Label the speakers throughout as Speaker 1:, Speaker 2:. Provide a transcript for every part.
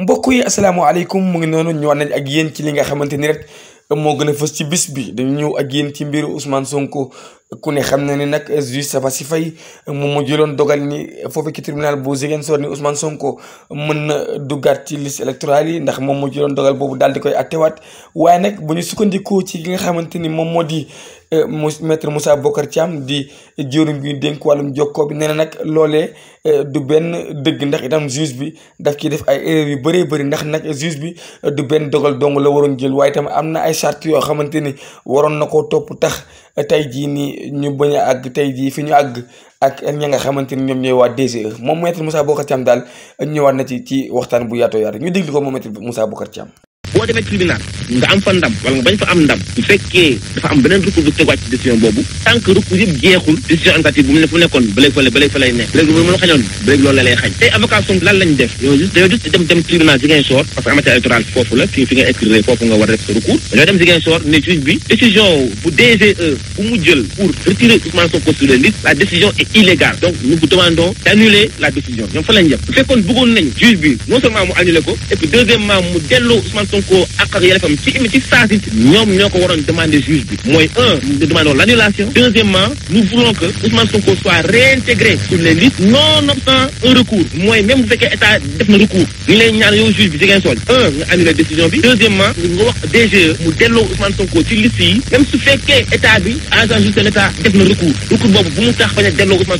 Speaker 1: mbokk yi asalaamaaleykum mu ngi noonu ñëwaat nañ ak yéen ci li nga xamante ni rek moo gën a fës ci bis bi dañu ñëw ak yéen ci mbiru Ousmane Sonko ku ne xam na ni nag juge si fay moom moo jëloon dogal ni foofu ci tribunal bu Ziguinchor ni Ousmane Sonko mën na duggaat ci liste électorale yi ndax moom moo jëloon dogal boobu daal di koy attewaat waaye nag bu ñu sukkandikoo ci ki nga xamante ni moom moo di eh, maître Moussa Bokar Thiam di jëwriñ bi dénk wàllum jokkoo bi nee na nag loolee eh, du benn dëgg ndax itam juge bi daf ciy def ay erreur yu bëree bëri ndax nag juge bi du benn dogal dong la waroon jël waaye itam am na ay charte yoo xamante ni waroon na ko topp tax tey jii nii ñu bañ a àgg tey jii fi ñu àgg ak ña nga xamante ni ñoom ñooy waa DGE moom maître Moussa Bocar Thiam daal ñëwaat na ci ci waxtaan bu yaatoo yaatu ñu déglu ko moom maître Moussa Bocar Thiam. boo demee tribunal nga am fa ndam wala nga bañ fa am ndam bu
Speaker 2: fekkee dafa am beneen recours bu teguwaat ci décision boobu tant que recours yëpp jeexul décision administrative bu la e mu jël pour retirer Ousmane Sonko sur les la décision est illégale donc nous vous demandons d'annuler la décision ñoom fa lañ jëm bu fekkoon bëggoon nañ juge bi non seulement mu annulé ko et deuxièmement mu delloo Ousmane Sonko ko ak ak yelefam ci ci saa si ñoom ñoo ko waroon demander juge bi mooy un nous demandons l'annulation deuxièmement nous voulons que Ousmane Sonko soit réintégré sur les listes nonobstant un recours mooy même bu fekkee état def na recours ñu lay ñaan yow juge bi Ziguinchor un nga annulé décision bi deuxièmement nga wax DGE mu delloo Ousmane Sonko ci liste yi même su fekkee état bi agent justice de l'état def na recours recours boobu bu mu tax bañ a delloo Ousmane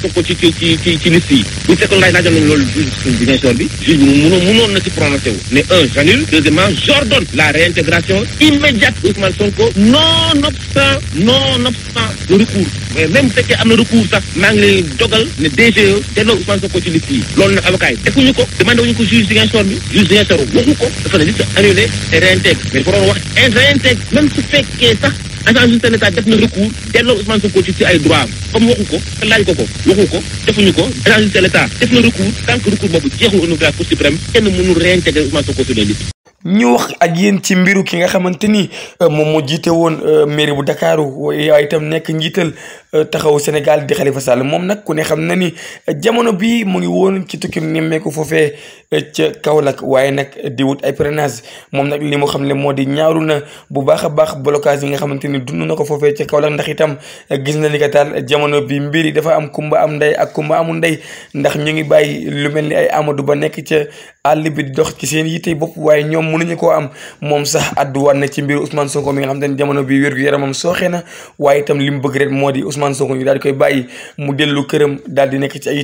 Speaker 2: ordonne la réintégration immédiate Ousmane Sonko nonobstant nonobstant le recours mais même fekkee am na recours sax maa ngi lay dogal ne DGE delloo Ousmane Sonko ci liste yi loolu na nag avocat yi ñu ko demandé wuñu ko juge Ziguinchor bi juge Ziguinchor waxu ko dafa ne liste annulé et réintègre mais dafa doon wax réintègre même su fekkee sax agent judiciaire de l'État def na recours delloo Ousmane Sonko ci ay droit am comme waxu ko te laaj ko ko waxu ko
Speaker 1: defuñu ko agent judiciaire de l'État def na recours tant que recours boobu jeexul au niveau de la Cour kenn mënul réintégrer Ousmane Sonko sur les listes ñu wax ak yéen ci mbiru ki nga xamante ni euh, moom moo jiite woon euh, mairie bu Dakaaru waaye itam nekk njiital euh, taxaw Sénégal di Khalifa Sall moom nag ku ne xam na ni jamono bii mu ngi woon ci tukkim nemmeeku foofee ca Kaolack waaye nag di wut ay parrainage moom nag li mu xam ne moo di ñaaru na bu baax a baax blocage yi nga xamante ni dund na ko foofee ci Kaolack ndax itam gis na li ka jamono bi mbir yi dafa am kumba am ndey ak kumba amu nday ndax ñu ngi bàyyi lu mel ni ay amadu Ba nekk ca àll bi dox ci seen yitte bopp waaye ñoom mënuñu koo am moom sax àdduwaat na ci mbiru Ousmane Sonko mi nga xam ne jamono bi wér-gu-yaramam sooxee na waaye itam li mu bëgg rek moo di Ousmane Sonko ñu daal di koy bàyyi mu dellu këram daal ci ay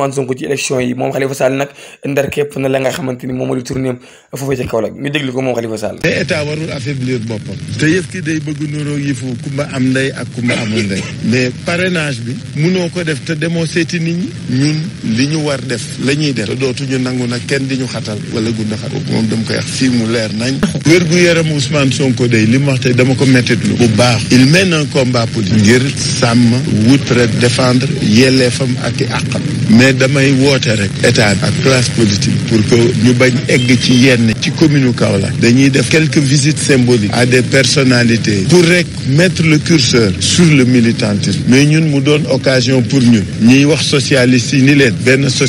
Speaker 1: a euh, yi moom Khalifa Sall nag ndar na la nga xamante moom moo di tournéem foofee ca Kaolack ñu déglu ko moom Khalifa Sall te état
Speaker 3: warul affaiblir boppam te yëf ki day bëgg nuroo yëfu kumba am ndey ak kumba amul ndey mais parrainage bi munoo ko def te demoo seeti nit ñun li ñu war war def la ñuy def te dootuñu nangu nag kenn di ñu xatal wala gunda moom dama koy wax fii mu leer nañ wér gu yaram Ousmane Sonko day li mu wax tey dama ko mettitlu bu baax il mène un combat politique ngir sàmm wut défendre yelleefam ak i àqam mais damay woote rek état ak classe politique pour que ñu bañ egg ci yenn ci commune Kaolack dañuy def quelques visites symboliques à des personnalités pour rek mettre le curseur sur le militantisme mais ñun mu doon occasion pour ñun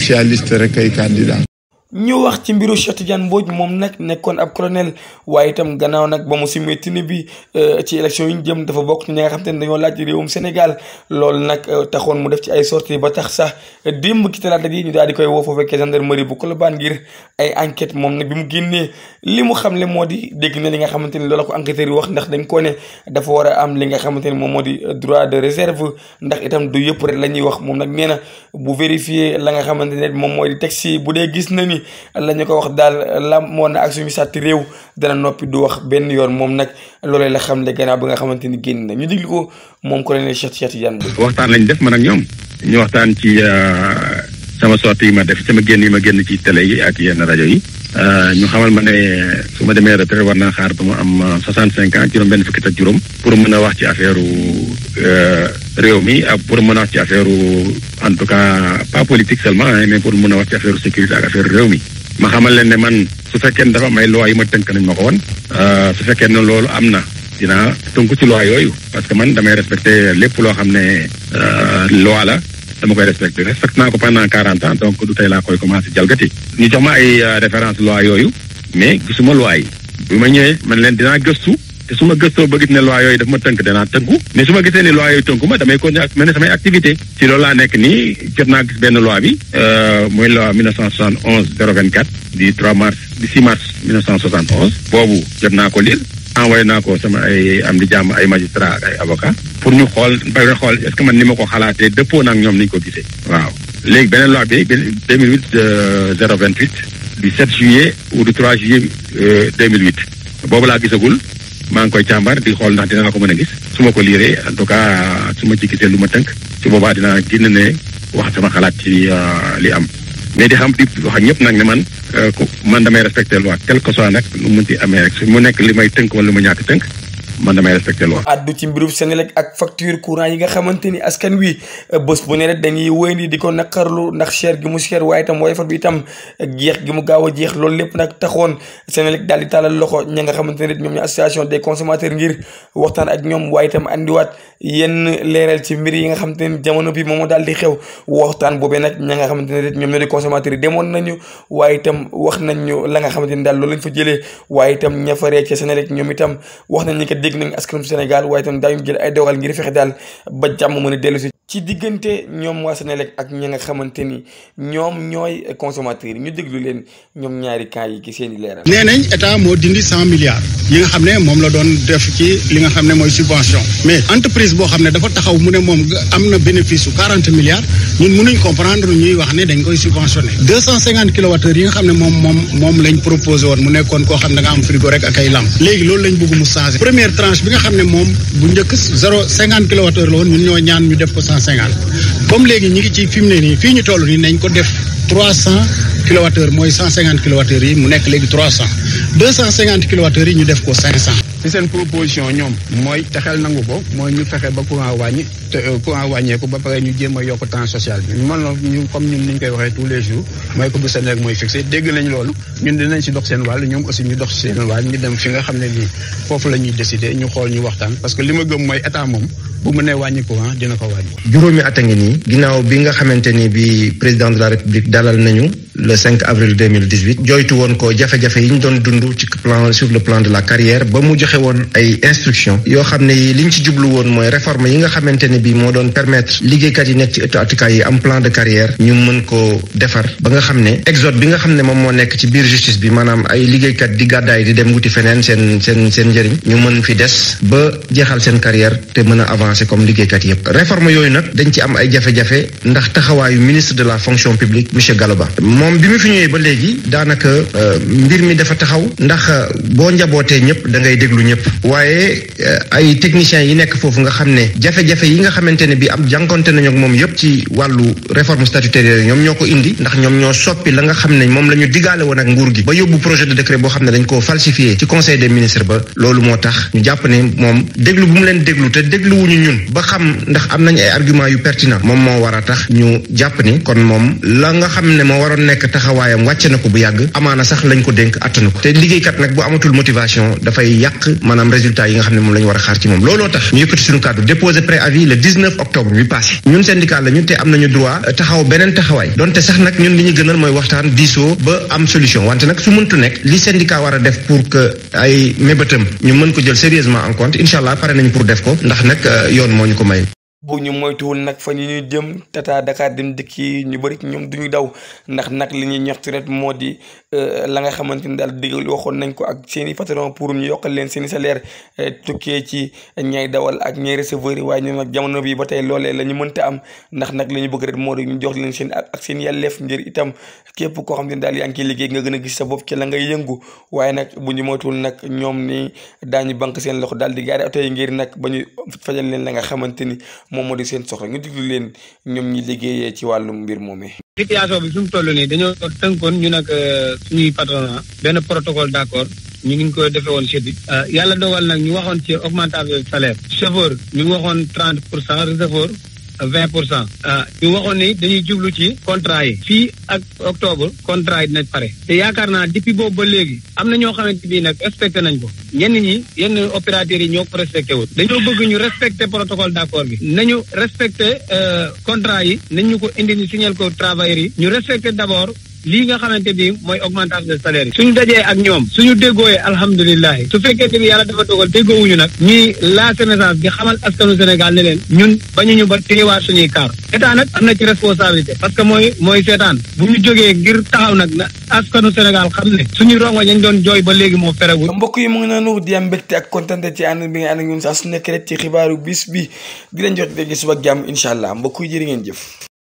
Speaker 3: socialiste rek ay candidat
Speaker 1: ñu wax ci mbiru Cheikh Tidiane Mbodj moom nag nekkoon ab colonel waaye itam gannaaw nag ba mu simee tenue bi euh, ci élection yi ñu jëm dafa bokk ñi nga xam te ne dañoo laaj réewum Sénégal loolu nag euh, taxoon mu def ci ay sorties ba tax sax euh, démb ki talaata ji ñu di koy woo foofee gendarmerie bu Colobane ngir ay enquête moom nag bi mu li mu xamle moo di dégg na li nga xamante ni loola ko enquêteurs yi wax ndax dañ ko ne dafa war a am li nga xamante ni moom moo di droit de réserve ndax itam du yëpp rek la ñuy wax moom nag nee na bu vérifier la nga xamante ne moom moo di teg si bu dee gis na ni bëri la ko wax daal làmmoon na ak suñu sàtti réew dana noppi du wax benn yoon moom nag loolee la xam ne gannaaw ba nga xamante ni génn na ñu diglu ko moom ko leen Cheikh Cheikh Tidiane bi
Speaker 3: waxtaan lañu def man ak ñoom ñu waxtaan ci euh, sama sortie yi ma def sama génn yi ma génn ci télé yi ak yenn rajo yi euh, ñu xamal ma ne su ma demee retraite war naa xaar ba mu am euh, soixante cinquant ans juróom benn fukki ak juróom pour mën a wax ci affaire réew mi ak pour mën a wax ci affaire en tout cas pas politique seulement mais pour mun a wax ci affaire sécurité ak affaire réew mi. ma xamal leen ne man su fekkee ne dafa am ay loi yi ma tënk nañ ma ko woon euh, su fekkee ne loolu am na dinaa tënku ci loi yooyu parce que man damay respecté lépp loo xam ne euh, loi la dama koy respecté respecté naa ko pendant quarante ans donc du tey laa koy commencé jalgati. ñu jox ma ay euh, référence loi yooyu mais gisuma loi yi. bu ma ñëwee man leen dinaa gëstu. su ma gëstoo ba gis ne loi yooyu daf ma tënk danaa tënku mais su ma gisee ne loi yooyu tënku ma damay continuer ak mel ne samay activité ci loolu laa nekk nii jot naa gis benn loi bi euh, mooy loi 1971 024 di 3 mars di 6 mars 1971 boobu jot naa ko lire envoyé naa ko sama ay am di jàmm ay magistrat ak ay pour ñu xool ba xool est-ce man ni ma ko xalaatee dëppoo na ak ñoom ni ñu ko gisee waaw léegi beneen loi bi 2008 028 euh, du 7 juillet ou du 3 juillet 2008 euh, boobu laa gisagul maa ngi koy càmbar di xool ndax dina la ko mën a gis su ma ko liiree en tout cas su ma ci gisee lu ma tënk su boobaa dinaa génn ne wax sama xalaat ci euh, li am mais di xam di wax ak nag ne man euh, man damay respecté loi quel que soit nag lu mu ci amee rek mu nekk li may tënk wala lu ma ñàkk tënk man damay respecté loolu.
Speaker 1: addu ci mbirub Senelec ak facture courant yi nga xamante ni askan wi bés bu ne rek dañuy wéyandi di ko naqarlu ndax cher gi mu cher waaye itam woyofat bi itam jeex gi mu gaaw a jeex loolu lépp nag taxoon Senelec daal di taalal loxo ña nga xamante ne rek ñoom ñu association des consommateurs ngir waxtaan ak ñoom waaye itam andiwaat yenn leeral ci mbir yi nga xamante ne jamono bi moom moo daal di xew waxtaan boobee nag ña nga xamante ne rek ñoom ñoo di consommateurs yi demoon nañu waaye itam wax nañ ñu la nga xamante ni daal loolu fa jëlee waaye itam ña fa ree ci Senelec ñoom itam dégg nañ askanu Sénégal waaye itam daañu jël ay dogal ngir fexe daal a dellu si ci leen ñoom ñaari cas yi ci seen i leeral. nee nañ
Speaker 2: état moo dindi cent milliards yi nga xam ne moom la doon def ci li nga xam ne mooy subvention mais entreprise boo xam ne dafa taxaw mu ne moom am na bénéfice su quarante milliards ñun mënuñ ne dañ koy subventionné deux cent cinquante kilowattheures yi nga xam ne moom moom moom lañ proposé woon mu nekkoon koo xam ne da am frigo rek ak ay lamp léegi loolu lañ bëgg mu tranche bi nga xam ne moom bu njëkk zéro cinquante kilowatt heure la woon ñun ñoo ñaan ñu def ko cent cinquante comme léegi ñu ngi ci fi mu ne nii fii ñu toll nii nañ ko def trois cent kilowatt mooy cent cinquante kilowatt yi mu nekk léegi trois cent deux cent cinquante yi ñu def ko cinq cent
Speaker 3: ci seen proposition ñoom mooy te xel nangu ko mooy ñu fexe ba courant wàññi te euh, courant wàññeeku ba pare ñu jéem a yokk temps social bi man la ñu comme ñun ni ñu koy waxee tous les jours mooy ko bu seen rek mooy fixé dégg nañ loolu ñun dinañ si dox seen wàll ñoom aussi ñu dox seen wàll ñu dem fi nga xam ne nii foofu la ñuy décider ñu xool ñu waxtaan parce que li ma gëm mooy état moom bu mënee wàññi courant dina ko wàññi.
Speaker 4: juróomi at a ngi nii ginnaaw bi nga xamante ni bi président de la république dalal nañu. le 5 avril 2018 jooytu woon ko jafe-jafe yi ñu doon dund ci plan sur le plan de la carrière ba mu joxe woon ay instructions yoo xam ne li ñu ci jublu woon mooy réforme yi nga xamante ne bii moo doon permettre liggéeykat yi nekk ci ëttu àttukaay yi am plan de carrière ñu mën koo defar ba nga xam ne exode bi nga xam ne moom moo nekk ci biir justice bi maanaam ay liggéeykat di gàddaay di dem wuti feneen seen seen seen njëriñ ñu mën fi des ba jeexal seen carrière te mën a avancer comme liggéeykat yépp réforme yooyu nag dañ ci am ay jafe ndax taxawaayu ministre de la fonction publique monsieur Galoba moom bi mu fi ñëwee ba léegi daanaka euh, mbir mi dafa taxaw ndax euh, boo njabootee ñëpp da ngay déglu ñëpp waaye euh, ay techniciens yi nekk foofu nga xam ne jafe-jafe yi nga xamante ne bi am jànkonte nañu ak moom yëpp ci wàllu réforme statutaire yooyu ñoom ñoo ko indi ndax ñoom ñoo soppi la nga xam ne moom la ñu digaale woon ak nguur gi ba yóbbu projet de décret boo xam ne dañ koo falsifié ci conseil des ministres ba loolu moo tax ñu jàpp ne moom déglu bu mu leen déglu te dégluwuñu ñun ba xam ndax am nañ ay argument yu pertinent moom moo war a tax ñu jàpp nekk taxawaayam wàcc na ko bu yàgg amaana sax lañ ko dénk attanu ko te liggéeykat nag bu amatul motivation dafay yàq maanaam résultat yi nga xam ne moom la ñu a xaar ci moom looloo tax ñu yëkkati suñu kàddu déposé préavis le octobre bi passé ñun syndicat la te am nañu droit taxaw beneen taxawaay donte sax nag ñun li ñu gënal mooy waxtaan diisoo ba am solution wante nag su mëntu nekk li syndicat war a def pour que ay mébétam ñu mën ko jël sérieusement en compte allah pare nañu pour def ko ndax nag euh, yoon moo ñu ko may
Speaker 1: bu ñu moytuwul nag fan ñu ñuy jëm tata daka dem dikki ñu bëri ñoom du ñu daw ndax nag li ñuy ñaxtu rek moo di Euh, la nga xamante ni daal digal waxoon nañ ko ak seen i patron pour ñu yokkal leen seen i salaire euh, tukkee ci ñay dawal ak ñay receveur yi waaye ñun nag jamono bi ba tey loolee la ñu mënta am ndax nag li ñu bëgg rek moo di ñu jox leen seen ak seen yàlleef ngir itam képp koo xam ne daal yaa ngi ciy liggéey nga gën a gis sa bopp ci la ngay yëngu waaye nag bu ñu moytuwul nag ñoom ni daañu banque seen loxo daal di gaari oto yi ngir nag ba ñu fajal leen la nga xamante ni moom moo di seen soxla ñu diglu leen ñoom ñi liggéeyee ci wàllum mbir moomee
Speaker 2: situation bi fi mu toll nii dañoo tënkoon ñu nag euh, suñuy patronat benn protocole d'accord ñu ngi ko defee woon chef bi euh, yàlla dogal nag ñu waxoon ci augmentation salaire chauffeur ñu waxoon trente pour cent receveur vingt pour cent. Euh, ñu waxoon ni dañuy jublu ci contrat yi. fii ak octobre contrat yi dinañ pare. te yaakaar naa depuis boobu ba léegi am na ñoo xamante ni nag respecté nañ ko ñenn ñi yenn opérateurs yi ñoo ko respecté wul. dañoo bëgg ñu respecté protocole d' bi nañu respecté euh, contrat yi nañ ñu ko indi ni signal ko travailleurs yi. ñu respecté d' abord. lii nga xamante bi mooy augmentation de salaire yi suñu dajee ak ñoom suñu déggooyee alhamdulilahi su fekkente ni yàlla dafa dogal déggoowuñu nag ñuy la sénécence bi xamal askanu Sénégal ne ñun bañu ñu ba téewaar suñuy kaar état nag am na ci responsabilité parce que mooy mooy
Speaker 1: seetaan bu ñu jógee ngir taxaw nag na askanu Sénégal xam ne suñu rongo ñañ doon jooy ba léegi moo feragul mbokk yi mu ngi noonu di am mbégte ak kontante ci ànd bi nga ànd ak ñun saa su nekk rek ci xibaaru bis bi di leen jox dégg suba jàmm incha allah mbokk yi jërë ngeen jëf